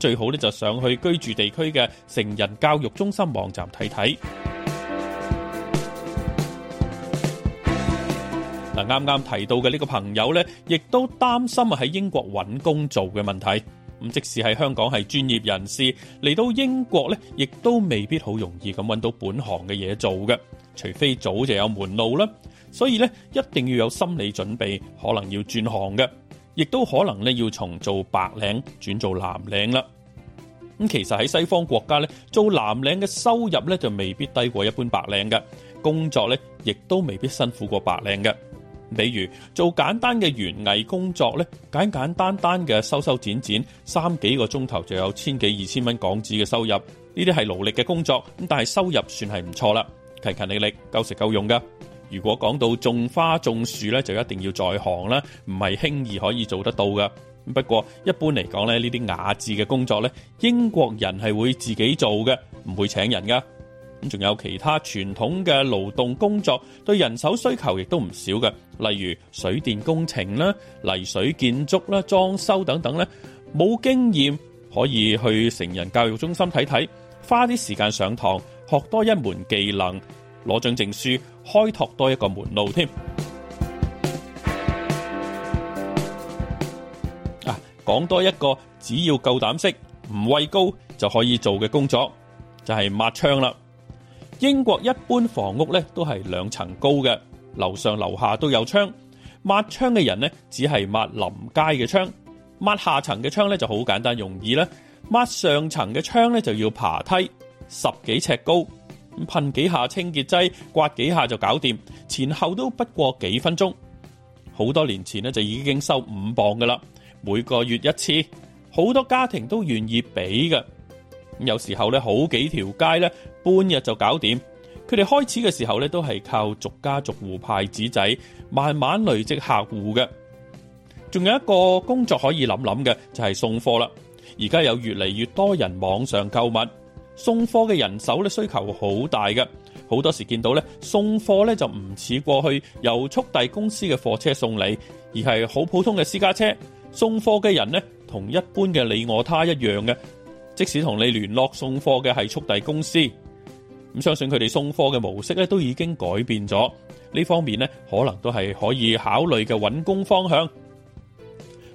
最好咧就上去居住地區嘅成人教育中心網站睇睇。嗱，啱啱提到嘅呢個朋友呢亦都擔心啊喺英國揾工做嘅問題。咁即使喺香港係專業人士嚟到英國呢，亦都未必好容易咁揾到本行嘅嘢做嘅，除非早就有門路啦。所以呢一定要有心理準備，可能要轉行嘅。亦都可能咧要從做白領轉做藍領啦。咁其實喺西方國家咧，做藍領嘅收入咧就未必低過一般白領嘅工作咧，亦都未必辛苦過白領嘅。例如做簡單嘅園藝工作咧，簡簡單單嘅收收剪剪，三幾個鐘頭就有千幾二千蚊港紙嘅收入。呢啲係勞力嘅工作，咁但係收入算係唔錯啦，勤勤力力夠食夠用噶。如果講到種花種樹咧，就一定要在行啦，唔係輕易可以做得到噶。不過一般嚟講咧，呢啲雅致嘅工作咧，英國人係會自己做嘅，唔會請人噶。咁仲有其他傳統嘅勞動工作，對人手需求亦都唔少嘅，例如水電工程啦、泥水建築啦、裝修等等咧。冇經驗可以去成人教育中心睇睇，花啲時間上堂，學多一門技能，攞張證書。開拓多一個門路添啊！講多一個，只要夠膽識、唔畏高就可以做嘅工作，就係、是、抹窗啦。英國一般房屋咧都係兩層高嘅，樓上樓下都有窗。抹窗嘅人咧，只係抹臨街嘅窗，抹下層嘅窗咧就好簡單容易啦。抹上層嘅窗咧就要爬梯，十幾尺高。噴幾下清潔劑，刮幾下就搞掂，前後都不過幾分鐘。好多年前呢，就已經收五磅噶啦，每個月一次，好多家庭都願意俾噶。有時候呢，好幾條街呢，半日就搞掂。佢哋開始嘅時候呢，都係靠逐家逐戶派紙仔，慢慢累積客戶嘅。仲有一個工作可以諗諗嘅，就係、是、送貨啦。而家有越嚟越多人網上購物。送貨嘅人手咧，需求好大嘅。好多時見到咧，送貨咧就唔似過去由速遞公司嘅貨車送你，而係好普通嘅私家車送貨嘅人呢，同一般嘅你我他一樣嘅，即使同你聯絡送貨嘅係速遞公司，咁相信佢哋送貨嘅模式咧都已經改變咗。呢方面呢，可能都係可以考慮嘅揾工方向。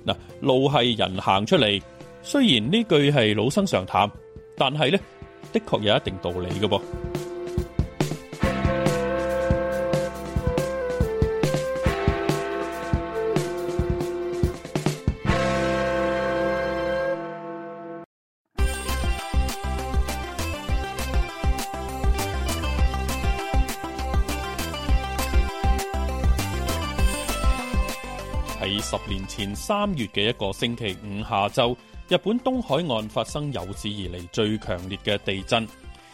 嗱，路係人行出嚟，雖然呢句係老生常談，但係呢。的確有一定道理嘅噃。喺 十年前三月嘅一個星期五下晝，日本東海岸發生有史以嚟最強烈嘅地震，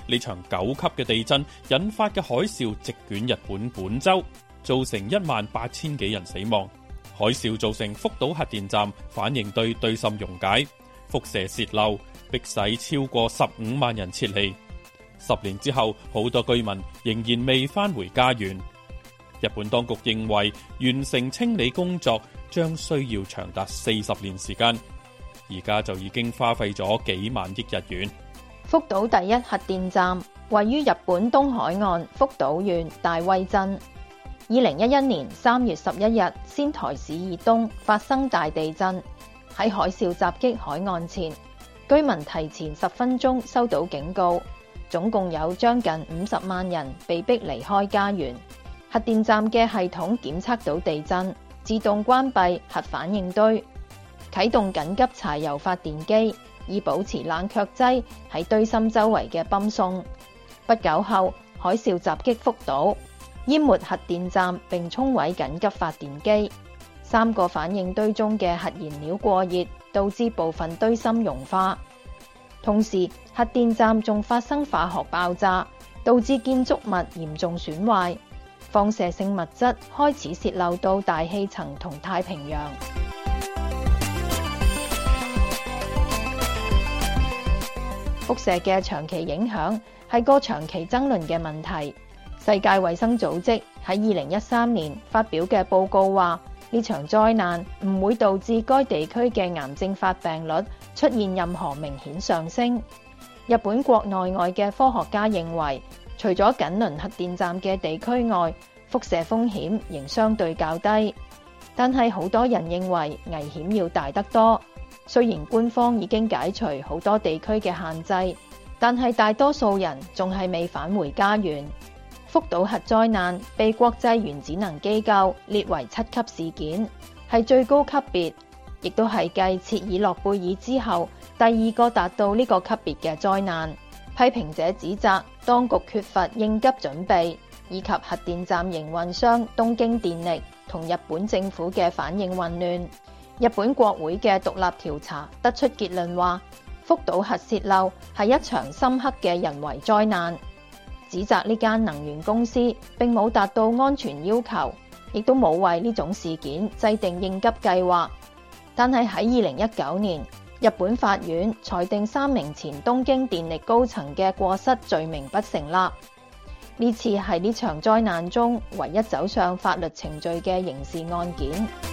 呢場九級嘅地震引發嘅海嘯席捲日本本州，造成一萬八千幾人死亡。海嘯造成福島核電站反應堆堆芯溶解，輻射泄漏，迫使超過十五萬人撤離。十年之後，好多居民仍然未返回家園。日本當局認為，完成清理工作將需要長達四十年時間。而家就已經花費咗幾萬億日元。福島第一核電站位於日本東海岸福島縣大威鎮。二零一一年三月十一日，仙台市以東發生大地震，喺海嘯襲擊海岸前，居民提前十分鐘收到警告。總共有將近五十萬人被逼離開家園。核電站嘅系統檢測到地震，自動關閉核反應堆。啟動緊急柴油發電機，以保持冷卻劑喺堆芯周圍嘅泵送。不久後，海嘯襲擊福島，淹沒核電站並沖毀緊急發電機。三個反應堆中嘅核燃料過熱，導致部分堆芯融化。同時，核電站仲發生化學爆炸，導致建築物嚴重損壞，放射性物質開始泄漏到大氣層同太平洋。輻射嘅長期影響係個長期爭論嘅問題。世界衛生組織喺二零一三年發表嘅報告話，呢場災難唔會導致該地區嘅癌症發病率出現任何明顯上升。日本國內外嘅科學家認為，除咗緊鄰核電站嘅地區外，輻射風險仍相對較低。但係好多人認為危險要大得多。雖然官方已經解除好多地區嘅限制，但係大多數人仲係未返回家園。福島核災難被國際原子能機構列為七級事件，係最高級別，亦都係繼切爾諾貝爾之後第二個達到呢個級別嘅災難。批評者指責當局缺乏應急準備，以及核電站營運商東京電力同日本政府嘅反應混亂。日本國會嘅獨立調查得出結論話，福島核洩漏係一場深刻嘅人為災難，指責呢間能源公司並冇達到安全要求，亦都冇為呢種事件制定應急計劃。但係喺二零一九年，日本法院裁定三名前東京電力高層嘅過失罪名不成立。呢次係呢場災難中唯一走上法律程序嘅刑事案件。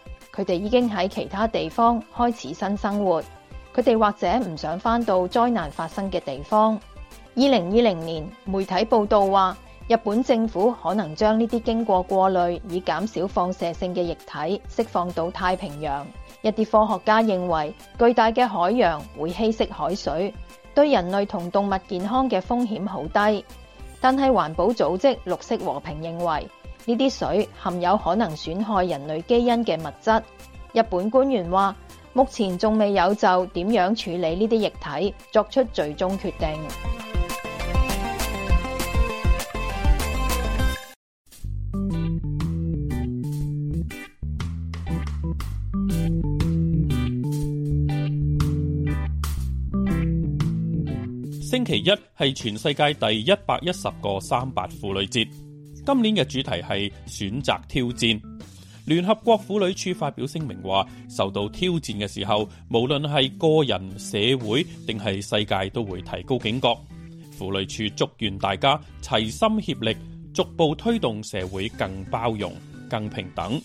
佢哋已經喺其他地方開始新生活，佢哋或者唔想返到災難發生嘅地方。二零二零年，媒體報道話，日本政府可能將呢啲經過過濾以減少放射性嘅液體釋放到太平洋。一啲科學家認為，巨大嘅海洋會稀釋海水，對人類同動物健康嘅風險好低。但係，環保組織綠色和平認為，呢啲水含有可能損害人類基因嘅物質。日本官員話，目前仲未有就點樣處理呢啲液體作出最終決定。星期一係全世界第一百一十個三八婦女節。今年嘅主題係選擇挑戰。聯合國婦女處發表聲明話，受到挑戰嘅時候，無論係個人、社會定係世界，都會提高警覺。婦女處祝願大家齊心協力，逐步推動社會更包容、更平等。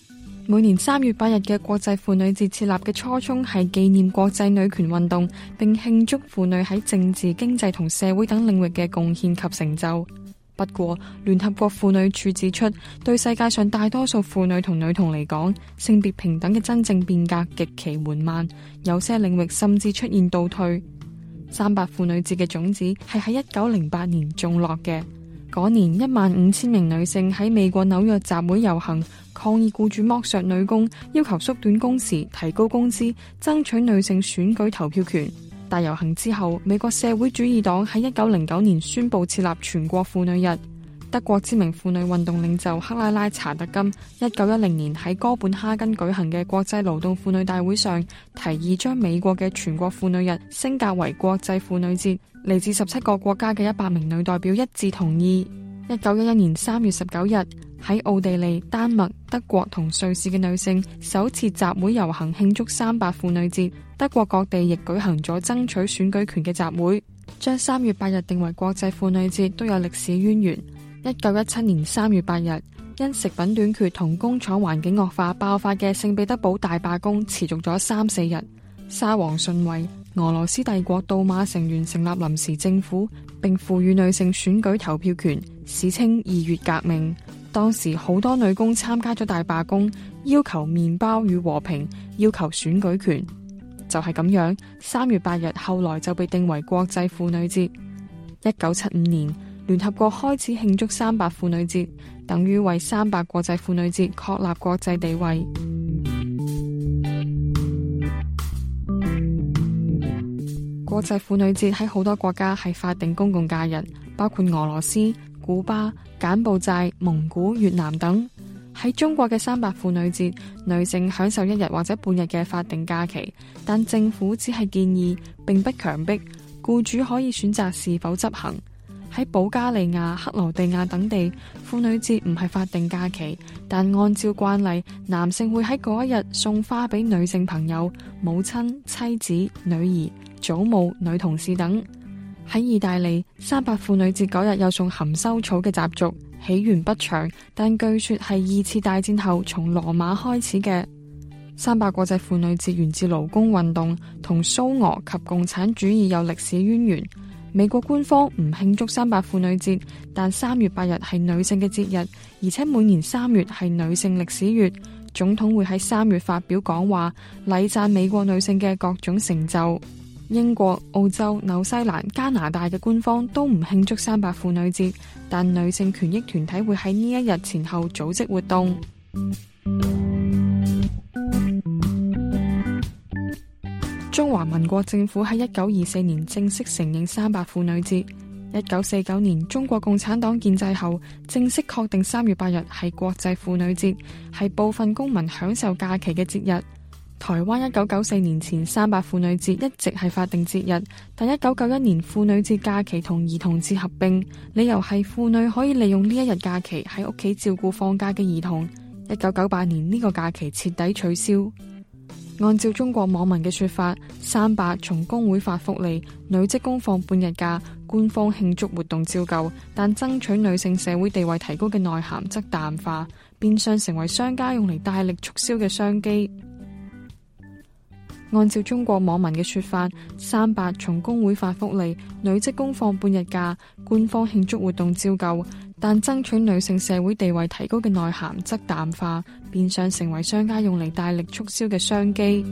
每年三月八日嘅國際婦女節設立嘅初衷係紀念國際女權運動，並慶祝婦女喺政治、經濟同社會等領域嘅貢獻及成就。不過，聯合國婦女處指出，對世界上大多數婦女同女童嚟講，性別平等嘅真正變革極其緩慢，有些領域甚至出現倒退。三八婦女節嘅種子係喺一九零八年種落嘅，嗰年一萬五千名女性喺美國紐約集會遊行，抗議僱主剝削女工，要求縮短工時、提高工資，爭取女性選舉投票權。大遊行之後，美國社會主義黨喺一九零九年宣布設立全國婦女日。德國知名婦女運動領袖克拉拉查德金一九一零年喺哥本哈根舉行嘅國際勞動婦女大會上，提議將美國嘅全國婦女日升格為國際婦女節。嚟自十七個國家嘅一百名女代表一致同意。一九一一年三月十九日，喺奧地利、丹麥、德國同瑞士嘅女性首次集會遊行慶祝三八婦女節。德國各地亦舉行咗爭取選舉權嘅集會。將三月八日定為國際婦女節都有歷史淵源。一九一七年三月八日，因食品短缺同工廠環境惡化爆發嘅聖彼得堡大罷工持續咗三四日。沙皇遜位，俄羅斯帝國杜馬成員成立臨時政府，並賦予女性選舉投票權，史稱二月革命。當時好多女工參加咗大罷工，要求麵包與和平，要求選舉權。就係咁樣，三月八日後來就被定為國際婦女節。一九七五年，聯合國開始慶祝三八婦女節，等於為三八國際婦女節確立國際地位。國際婦女節喺好多國家係法定公共假日，包括俄羅斯。古巴、柬埔寨、蒙古、越南等喺中國嘅三八婦女節，女性享受一日或者半日嘅法定假期，但政府只係建議，並不強迫，僱主可以選擇是否執行。喺保加利亞、克羅地亞等地，婦女節唔係法定假期，但按照慣例，男性會喺嗰一日送花俾女性朋友、母親、妻子、女兒、祖母、女同事等。喺意大利，三八婦女節嗰日有送含羞草嘅習俗，起源不長，但據說係二次大戰後從羅馬開始嘅。三八國際婦女節源自勞工運動，同蘇俄及共產主義有歷史淵源。美國官方唔慶祝三八婦女節，但三月八日係女性嘅節日，而且每年三月係女性歷史月，總統會喺三月發表講話，禮讚美國女性嘅各種成就。英國、澳洲、紐西蘭、加拿大嘅官方都唔慶祝三八婦女節，但女性權益團體會喺呢一日前後組織活動。 中華民國政府喺一九二四年正式承認三八婦女節，一九四九年中國共產黨建制後，正式確定三月八日係國際婦女節，係部分公民享受假期嘅節日。台灣一九九四年前三八婦女節一直係法定節日，但一九九一年婦女節假期同兒童節合併，理由係婦女可以利用呢一日假期喺屋企照顧放假嘅兒童。一九九八年呢個假期徹底取消。按照中國網民嘅說法，三八從工會發福利，女職工放半日假，官方慶祝活動照舊，但爭取女性社會地位提高嘅內涵則淡化，變相成為商家用嚟大力促銷嘅商機。按照中國網民嘅説法，三八從工會發福利，女職工放半日假，官方慶祝活動照舊，但爭取女性社會地位提高嘅內涵則淡化，變相成為商家用嚟大力促銷嘅商機。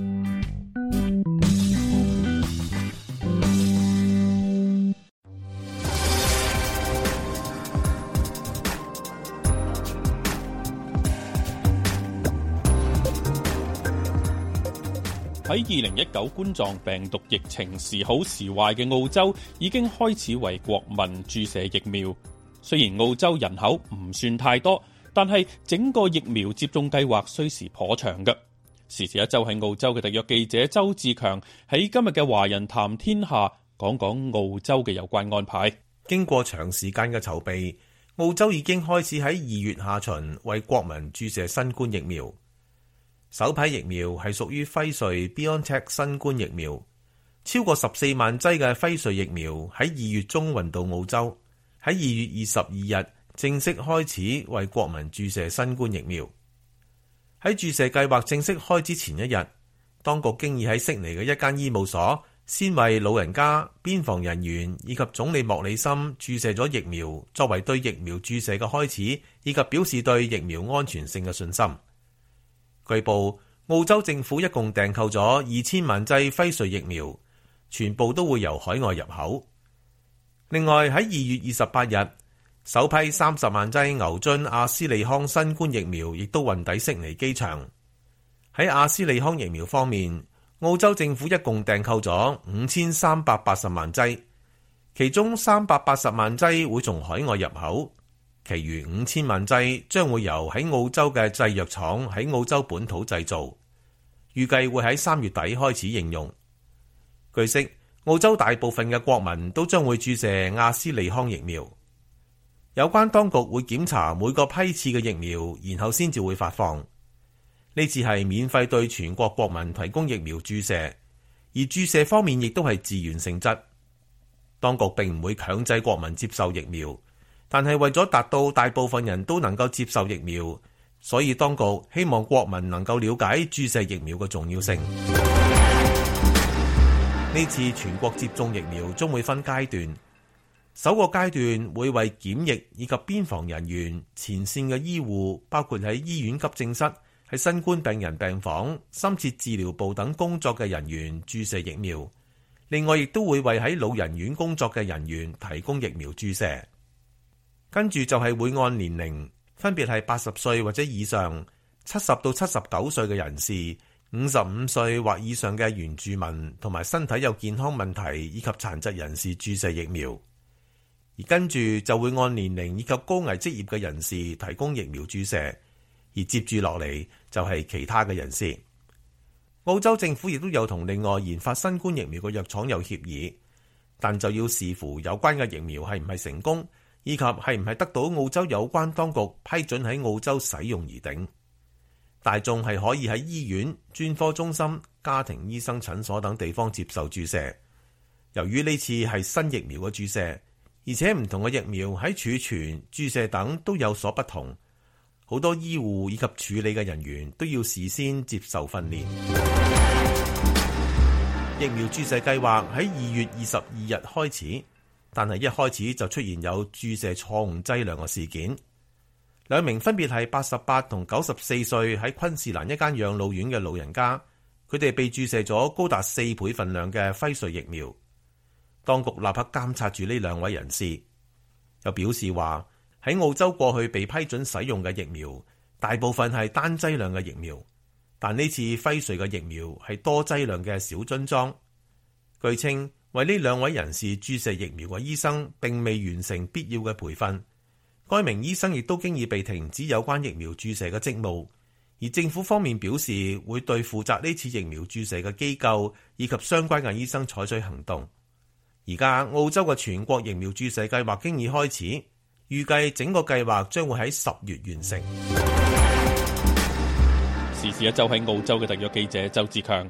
喺二零一九冠狀病毒疫情時好時壞嘅澳洲，已經開始為國民注射疫苗。雖然澳洲人口唔算太多，但係整個疫苗接種計劃需時頗長嘅。時事一周喺澳洲嘅特約記者周志強喺今日嘅華人談天下講講澳洲嘅有關安排。經過長時間嘅籌備，澳洲已經開始喺二月下旬為國民注射新冠疫苗。首批疫苗係屬於輝瑞 BioNTech 新冠疫苗，超過十四萬劑嘅輝瑞疫苗喺二月中運到澳洲，喺二月二十二日正式開始為國民注射新冠疫苗。喺注射計劃正式開之前一日，當局經已喺悉尼嘅一間醫務所先為老人家、邊防人員以及總理莫里森注射咗疫苗，作為對疫苗注射嘅開始，以及表示對疫苗安全性嘅信心。據報，澳洲政府一共訂購咗二千萬劑輝瑞疫苗，全部都會由海外入口。另外喺二月二十八日，首批三十萬劑牛津阿斯利康新冠疫苗亦都運抵悉尼機場。喺阿斯利康疫苗方面，澳洲政府一共訂購咗五千三百八十萬劑，其中三百八十萬劑會從海外入口。其餘五千萬劑將會由喺澳洲嘅製藥廠喺澳洲本土製造，預計會喺三月底開始應用。據悉，澳洲大部分嘅國民都將會注射阿斯利康疫苗。有關當局會檢查每個批次嘅疫苗，然後先至會發放。呢次係免費，對全國國民提供疫苗注射，而注射方面亦都係自願性質。當局並唔會強制國民接受疫苗。但係為咗達到大部分人都能夠接受疫苗，所以當局希望國民能夠了解注射疫苗嘅重要性。呢 次全國接種疫苗將會分階段，首個階段會為檢疫以及邊防人員、前線嘅醫護，包括喺醫院急症室、喺新冠病人病房、深切治療部等工作嘅人員注射疫苗。另外，亦都會為喺老人院工作嘅人員提供疫苗注射。跟住就係會按年齡分別係八十歲或者以上、七十到七十九歲嘅人士、五十五歲或以上嘅原住民，同埋身體有健康問題以及殘疾人士注射疫苗。而跟住就會按年齡以及高危職業嘅人士提供疫苗注射。而接住落嚟，就係其他嘅人士。澳洲政府亦都有同另外研發新冠疫苗嘅藥廠有協議，但就要視乎有關嘅疫苗係唔係成功，以及係唔係得到澳洲有關當局批准喺澳洲使用而定。大眾係可以喺醫院、專科中心、家庭醫生診所等地方接受注射。由於呢次係新疫苗嘅注射，而且唔同嘅疫苗喺儲存、注射等都有所不同，好多醫護以及處理嘅人員都要事先接受訓練。疫苗注射計劃喺二月二十二日開始。但係一開始就出現有注射錯誤劑量嘅事件，兩名分別係八十八同九十四歲喺昆士蘭一間養老院嘅老人家，佢哋被注射咗高達四倍份量嘅輝瑞疫苗。當局立刻監察住呢兩位人士，又表示話喺澳洲過去被批准使用嘅疫苗，大部分係單劑量嘅疫苗，但呢次輝瑞嘅疫苗係多劑量嘅小樽裝。據稱。為呢兩位人士注射疫苗嘅醫生並未完成必要嘅培訓，該名醫生亦都經已被停止有關疫苗注射嘅職務。而政府方面表示，會對負責呢次疫苗注射嘅機構以及相關嘅醫生採取行動。而家澳洲嘅全國疫苗注射計劃經已開始，預計整個計劃將會喺十月完成。時事一周喺澳洲嘅特約記者周志強。